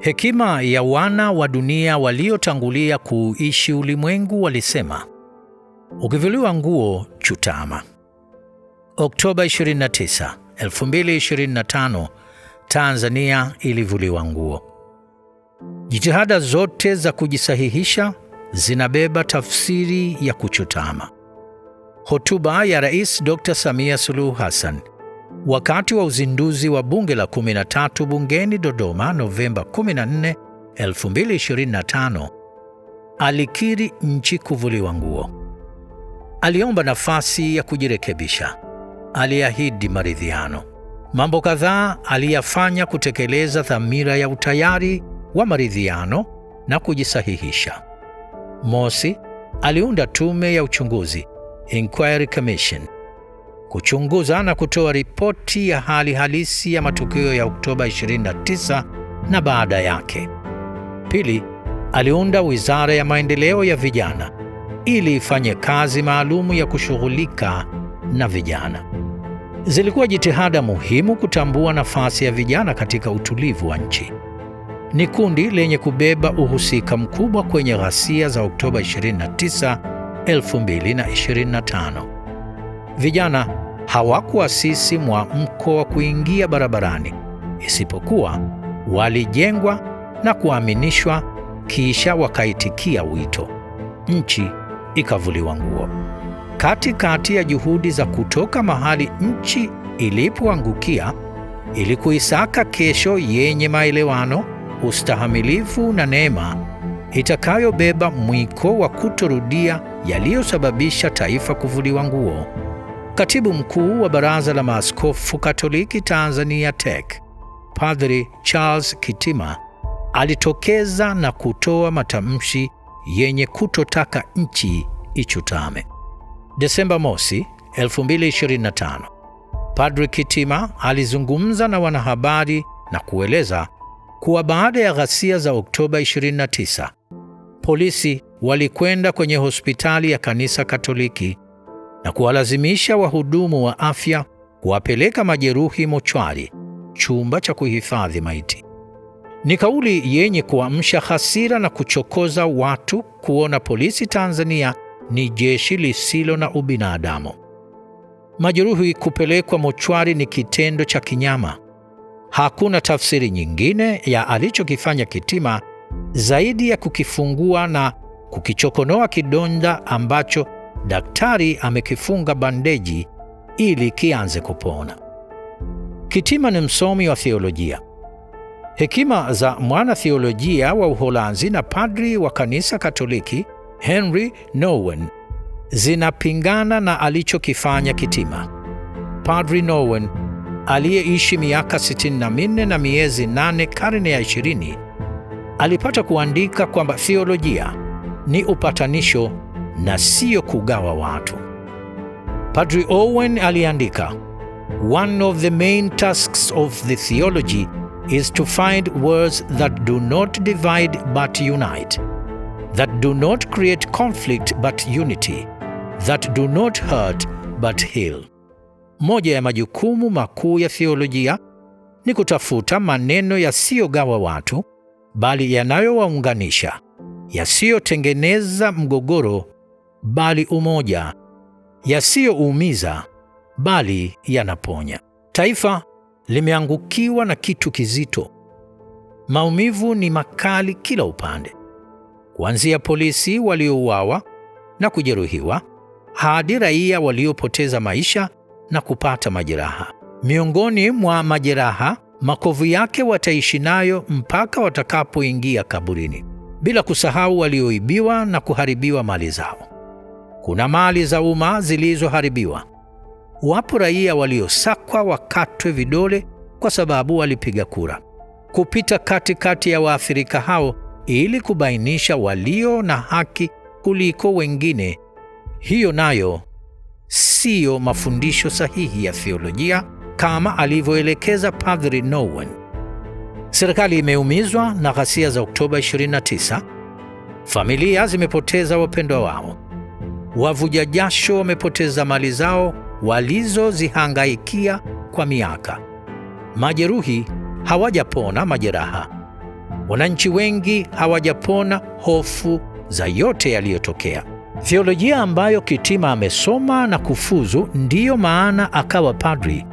Hekima ya wana wa dunia waliotangulia kuishi ulimwengu walisema, ukivuliwa nguo chutama. Oktoba 29, 2025, Tanzania ilivuliwa nguo. Jitihada zote za kujisahihisha zinabeba tafsiri ya kuchutama. Hotuba ya Rais Dr. Samia Suluhu Hassan wakati wa uzinduzi wa bunge la 13 bungeni Dodoma Novemba 14, 2025, alikiri nchi kuvuliwa nguo. Aliomba nafasi ya kujirekebisha, aliahidi maridhiano. Mambo kadhaa aliyafanya kutekeleza dhamira ya utayari wa maridhiano na kujisahihisha. Mosi, aliunda tume ya uchunguzi Inquiry Commission kuchunguza na kutoa ripoti ya hali halisi ya matukio ya Oktoba 29 na baada yake. Pili, aliunda Wizara ya Maendeleo ya Vijana ili ifanye kazi maalumu ya kushughulika na vijana. Zilikuwa jitihada muhimu kutambua nafasi ya vijana katika utulivu wa nchi. Ni kundi lenye kubeba uhusika mkubwa kwenye ghasia za Oktoba 29, 2025. Vijana hawakuasisi mwamko wa kuingia barabarani, isipokuwa walijengwa na kuaminishwa, kisha wakaitikia wito. Nchi ikavuliwa nguo. Katikati ya juhudi za kutoka mahali nchi ilipoangukia ili kuisaka kesho yenye maelewano, ustahamilifu na neema itakayobeba mwiko wa kutorudia yaliyosababisha taifa kuvuliwa nguo Katibu mkuu wa Baraza la Maaskofu Katoliki Tanzania TEC Padri Charles Kitima alitokeza na kutoa matamshi yenye kutotaka nchi ichutame. Desemba mosi 2025, Padri Kitima alizungumza na wanahabari na kueleza kuwa baada ya ghasia za Oktoba 29, polisi walikwenda kwenye hospitali ya kanisa Katoliki na kuwalazimisha wahudumu wa afya kuwapeleka majeruhi mochwari, chumba cha kuhifadhi maiti. Ni kauli yenye kuamsha hasira na kuchokoza watu kuona polisi Tanzania ni jeshi lisilo na ubinadamu. Majeruhi kupelekwa mochwari ni kitendo cha kinyama. Hakuna tafsiri nyingine ya alichokifanya Kitima zaidi ya kukifungua na kukichokonoa kidonda ambacho Daktari amekifunga bandeji ili kianze kupona. Kitima ni msomi wa theolojia. Hekima za mwanatheolojia wa Uholanzi na padri wa kanisa Katoliki Henry Nouwen zinapingana na alichokifanya Kitima. Padri Nouwen aliyeishi miaka 64 na miezi 8 karne ya 20 alipata kuandika kwamba theolojia ni upatanisho na siyo kugawa watu. Padri Owen aliandika, One of the main tasks of the theology is to find words that do not divide but unite, that do not create conflict but unity, that do not hurt but heal. Moja ya majukumu makuu ya theolojia ni kutafuta maneno yasiyogawa watu bali yanayowaunganisha, yasiyotengeneza mgogoro bali umoja, yasiyoumiza bali yanaponya. Taifa limeangukiwa na kitu kizito. Maumivu ni makali kila upande, kuanzia polisi waliouawa na kujeruhiwa hadi raia waliopoteza maisha na kupata majeraha. Miongoni mwa majeraha, makovu yake wataishi nayo mpaka watakapoingia kaburini, bila kusahau walioibiwa na kuharibiwa mali zao kuna mali za umma zilizoharibiwa. Wapo raia waliosakwa wakatwe vidole kwa sababu walipiga kura. Kupita katikati kati ya waathirika hao ili kubainisha walio na haki kuliko wengine, hiyo nayo siyo mafundisho sahihi ya theolojia kama alivyoelekeza Padri Nowen. Serikali imeumizwa na ghasia za Oktoba 29. Familia zimepoteza wapendwa wao wavuja jasho wamepoteza mali zao walizozihangaikia kwa miaka. Majeruhi hawajapona majeraha, wananchi wengi hawajapona hofu za yote yaliyotokea. Theolojia ambayo Kitima amesoma na kufuzu, ndiyo maana akawa padri,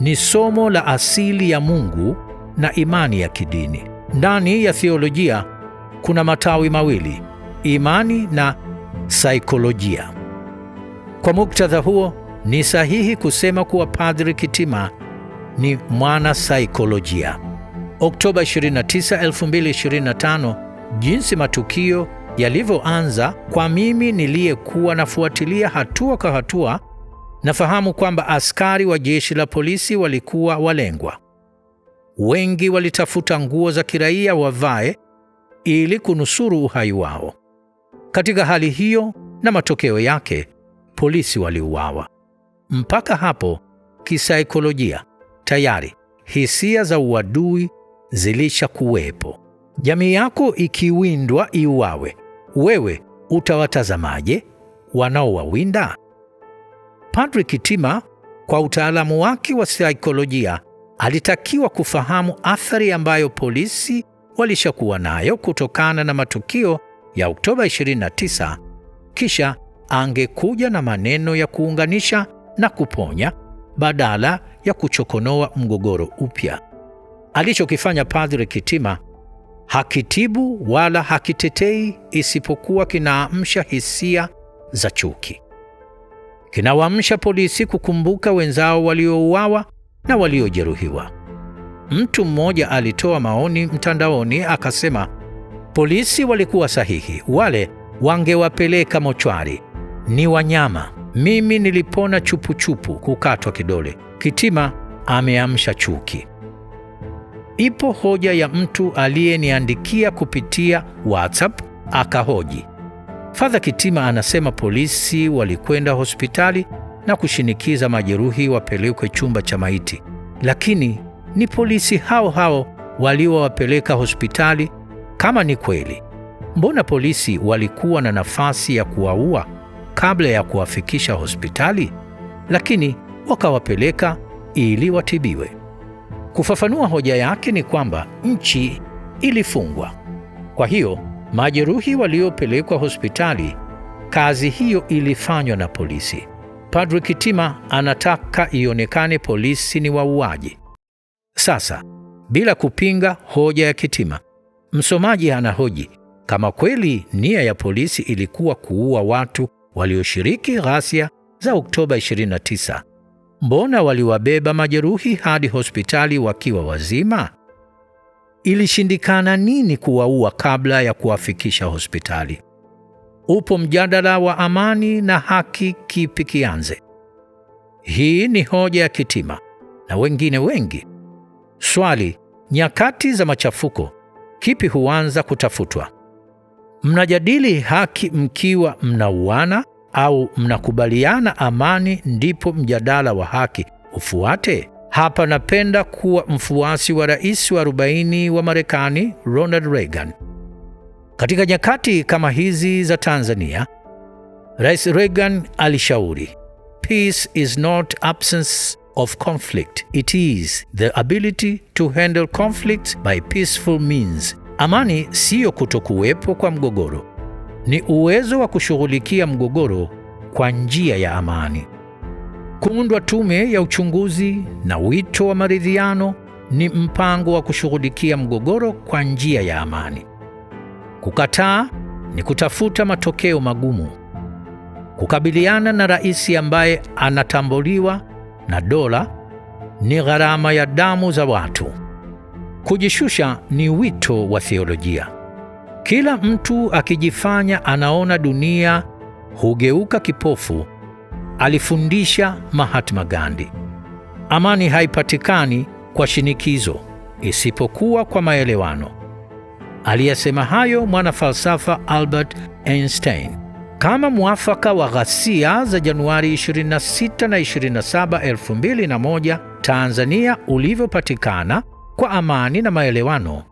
ni somo la asili ya Mungu na imani ya kidini. Ndani ya theolojia kuna matawi mawili, imani na saikolojia. Kwa muktadha huo, ni sahihi kusema kuwa Padri Kitima ni mwana saikolojia. Oktoba 29, 2025, jinsi matukio yalivyoanza kwa mimi niliyekuwa nafuatilia hatua kwa hatua, nafahamu kwamba askari wa jeshi la polisi walikuwa walengwa. Wengi walitafuta nguo za kiraia wavae ili kunusuru uhai wao. Katika hali hiyo na matokeo yake, polisi waliuawa. Mpaka hapo kisaikolojia, tayari hisia za uadui zilisha kuwepo. Jamii yako ikiwindwa iuawe, wewe utawatazamaje wanaowawinda? Padri Kitima kwa utaalamu wake wa saikolojia alitakiwa kufahamu athari ambayo polisi walishakuwa nayo kutokana na matukio ya Oktoba 29, kisha angekuja na maneno ya kuunganisha na kuponya badala ya kuchokonoa mgogoro upya. Alichokifanya Padre Kitima hakitibu wala hakitetei, isipokuwa kinaamsha hisia za chuki. Kinawaamsha polisi kukumbuka wenzao waliouawa na waliojeruhiwa. Mtu mmoja alitoa maoni mtandaoni akasema Polisi walikuwa sahihi, wale wangewapeleka mochwari. Ni wanyama. Mimi nilipona chupuchupu, kukatwa kidole. Kitima ameamsha chuki. Ipo hoja ya mtu aliyeniandikia kupitia WhatsApp akahoji. Fadha Kitima anasema polisi walikwenda hospitali na kushinikiza majeruhi wapelekwe chumba cha maiti, lakini ni polisi hao hao waliowapeleka hospitali kama ni kweli, mbona polisi walikuwa na nafasi ya kuwaua kabla ya kuwafikisha hospitali, lakini wakawapeleka ili watibiwe? Kufafanua hoja yake ni kwamba nchi ilifungwa, kwa hiyo majeruhi waliopelekwa hospitali, kazi hiyo ilifanywa na polisi. Padri Kitima anataka ionekane polisi ni wauaji. Sasa, bila kupinga hoja ya Kitima, Msomaji anahoji kama kweli nia ya polisi ilikuwa kuua watu walioshiriki ghasia za Oktoba 29, mbona waliwabeba majeruhi hadi hospitali wakiwa wazima? Ilishindikana nini kuwaua kabla ya kuwafikisha hospitali? Upo mjadala wa amani na haki, kipi kianze? Hii ni hoja ya Kitima na wengine wengi. Swali: nyakati za machafuko kipi huanza kutafutwa? Mnajadili haki mkiwa mnauana au mnakubaliana amani, ndipo mjadala wa haki ufuate. Hapa napenda kuwa mfuasi wa rais wa 40 wa Marekani Ronald Reagan. Katika nyakati kama hizi za Tanzania, Rais Reagan alishauri, peace is not absence of conflict. It is the ability to handle conflict by peaceful means. Amani siyo kutokuwepo kwa mgogoro, ni uwezo wa kushughulikia mgogoro kwa njia ya amani. Kuundwa tume ya uchunguzi na wito wa maridhiano ni mpango wa kushughulikia mgogoro kwa njia ya amani. Kukataa ni kutafuta matokeo magumu. Kukabiliana na rais ambaye anatambuliwa na dola ni gharama ya damu za watu. Kujishusha ni wito wa theolojia. Kila mtu akijifanya anaona dunia hugeuka kipofu, alifundisha Mahatma Gandhi. Amani haipatikani kwa shinikizo, isipokuwa kwa maelewano. Aliyesema hayo mwanafalsafa Albert Einstein kama mwafaka wa ghasia za Januari 26 na 27, 2001 Tanzania ulivyopatikana kwa amani na maelewano,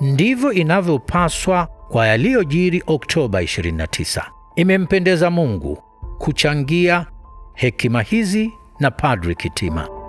ndivyo inavyopaswa kwa yaliyojiri Oktoba 29. Imempendeza Mungu kuchangia hekima hizi na Padri Kitima.